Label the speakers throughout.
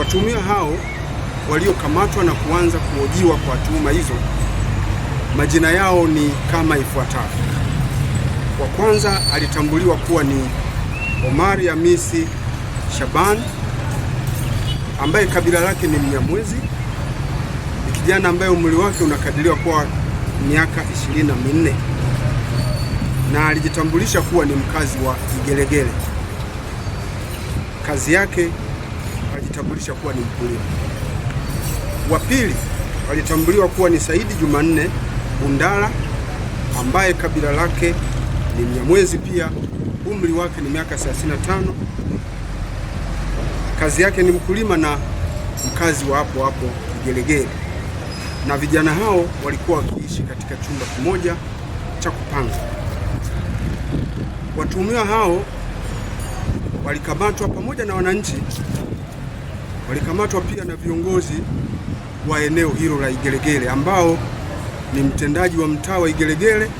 Speaker 1: Watuhumiwa hao waliokamatwa na kuanza kuhojiwa kwa tuhuma hizo, majina yao ni kama ifuatavyo. Wa kwanza alitambuliwa kuwa ni Omari Hamisi Shaban ambaye kabila lake ni Mnyamwezi. Ni kijana ambaye umri wake unakadiriwa kuwa miaka ishirini na minne na alijitambulisha kuwa ni mkazi wa Igelegele. Kazi yake alijitambulisha kuwa ni mkulima. Wa pili alitambuliwa kuwa ni Saidi Jumanne Bundala ambaye kabila lake ni Mnyamwezi, pia umri wake ni miaka 35. Kazi yake ni mkulima na mkazi wa hapo hapo Kigelegele, na vijana hao walikuwa wakiishi katika chumba kimoja cha kupanga. Watuhumiwa hao walikamatwa pamoja na wananchi walikamatwa pia na viongozi wa eneo hilo la Igelegele ambao ni mtendaji wa mtaa wa Igelegele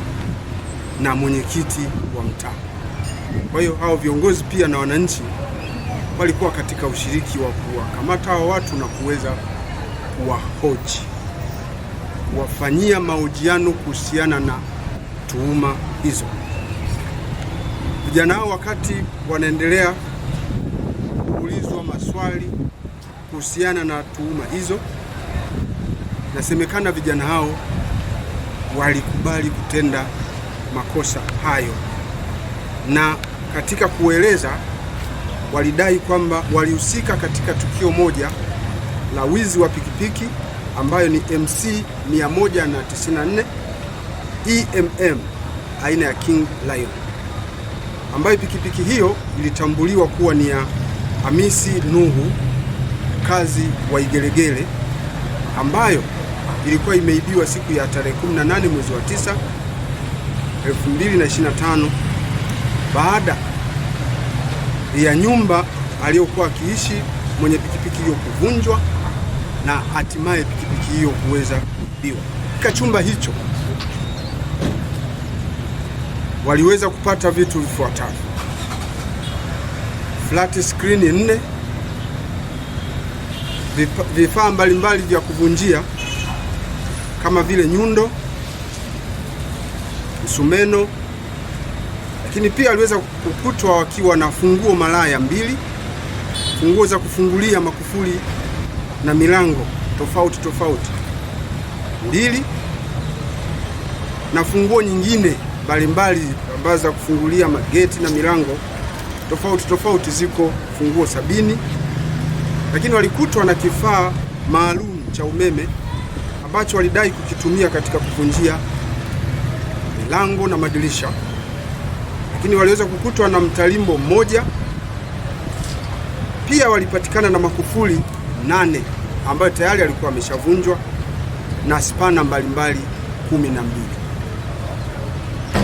Speaker 1: na mwenyekiti wa mtaa. Kwa hiyo hao viongozi pia na wananchi walikuwa katika ushiriki wa kuwakamata hao watu na kuweza kuwahoji, kuwafanyia mahojiano kuhusiana na tuhuma hizo. Vijana hao wakati wanaendelea kuulizwa maswali kuhusiana na tuhuma hizo. Nasemekana vijana hao walikubali kutenda makosa hayo, na katika kueleza walidai kwamba walihusika katika tukio moja la wizi wa pikipiki ambayo ni MC 194 EMM aina ya King Lion ambayo pikipiki hiyo ilitambuliwa kuwa ni ya Hamisi Nuhu wakazi wa Igelegele ambayo ilikuwa imeibiwa siku ya tarehe 18 mwezi wa 9 2025 baada ya nyumba aliyokuwa akiishi mwenye pikipiki hiyo kuvunjwa na hatimaye pikipiki hiyo kuweza kuibiwa. Katika chumba hicho waliweza kupata vitu vifuatavyo: flat screen nne vifaa mbalimbali vya kuvunjia kama vile nyundo, msumeno, lakini pia aliweza kukutwa wakiwa na funguo malaya mbili, funguo za kufungulia makufuli na milango tofauti tofauti mbili, na funguo nyingine mbalimbali ambazo za kufungulia mageti na milango tofauti tofauti, ziko funguo sabini lakini walikutwa na kifaa maalum cha umeme ambacho walidai kukitumia katika kuvunjia milango na madirisha, lakini waliweza kukutwa na mtalimbo mmoja. Pia walipatikana na makufuli nane ambayo tayari alikuwa ameshavunjwa na spana mbalimbali kumi na mbili.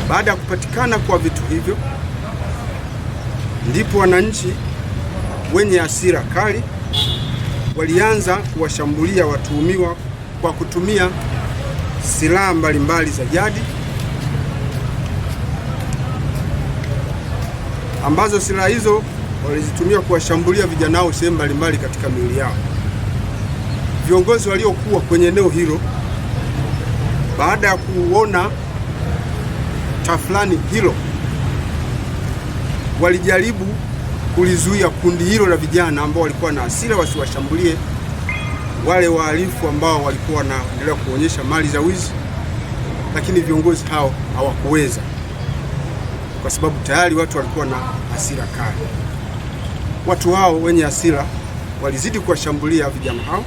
Speaker 1: Baada ya kupatikana kwa vitu hivyo, ndipo wananchi wenye hasira kali walianza kuwashambulia watuhumiwa kwa kutumia silaha mbalimbali za jadi ambazo silaha hizo walizitumia kuwashambulia vijana hao sehemu mbalimbali katika miili yao. Viongozi waliokuwa kwenye eneo hilo, baada ya kuona tafulani hilo, walijaribu kulizuia kundi hilo la vijana ambao walikuwa na hasira wasiwashambulie wale wahalifu ambao walikuwa wanaendelea kuonyesha mali za wizi, lakini viongozi hao hawakuweza kwa sababu tayari watu walikuwa na hasira kali. Watu hao wenye hasira walizidi kuwashambulia vijana hao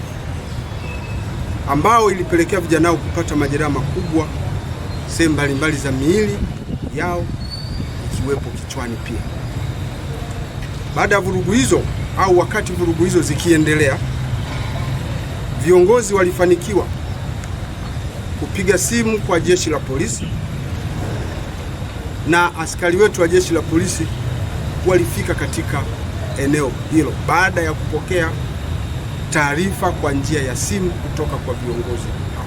Speaker 1: ambao ilipelekea vijana hao kupata majeraha makubwa sehemu mbalimbali za miili yao ikiwepo kichwani pia. Baada ya vurugu hizo au wakati vurugu hizo zikiendelea, viongozi walifanikiwa kupiga simu kwa jeshi la polisi na askari wetu wa jeshi la polisi walifika katika eneo hilo baada ya kupokea taarifa kwa njia ya simu kutoka kwa viongozi hao.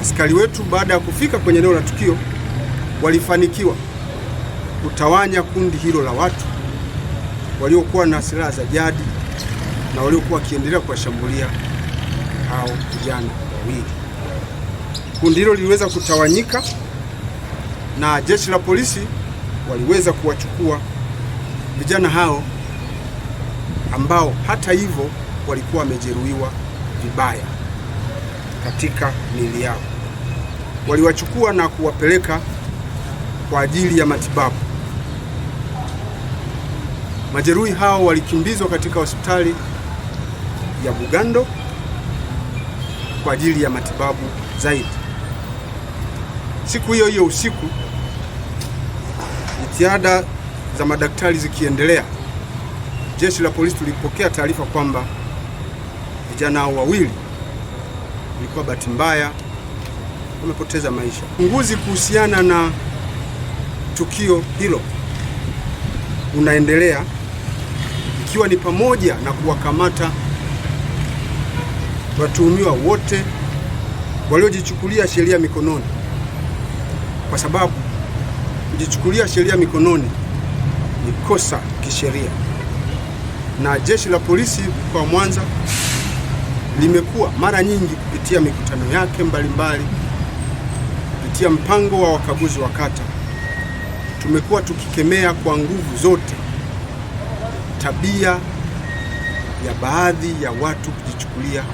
Speaker 1: Askari wetu baada ya kufika kwenye eneo la tukio walifanikiwa kutawanya kundi hilo la watu waliokuwa na silaha za jadi na waliokuwa wakiendelea kuwashambulia hao vijana wawili. Kundi hilo liliweza kutawanyika na jeshi la polisi waliweza kuwachukua vijana hao ambao hata hivyo walikuwa wamejeruhiwa vibaya katika miili yao. Waliwachukua na kuwapeleka kwa ajili ya matibabu. Majeruhi hao walikimbizwa katika hospitali ya Bugando kwa ajili ya matibabu zaidi. Siku hiyo hiyo usiku, jitihada za madaktari zikiendelea, jeshi la polisi tulipokea taarifa kwamba vijana hao wawili ilikuwa bahati mbaya wamepoteza maisha. Uchunguzi kuhusiana na tukio hilo unaendelea ikiwa ni pamoja na kuwakamata watuhumiwa wote waliojichukulia sheria mikononi, kwa sababu kujichukulia sheria mikononi ni kosa kisheria, na jeshi la polisi kwa wa Mwanza limekuwa mara nyingi kupitia mikutano yake mbalimbali mbali, kupitia mpango wa wakaguzi wa kata tumekuwa tukikemea kwa nguvu zote tabia ya baadhi ya watu kujichukulia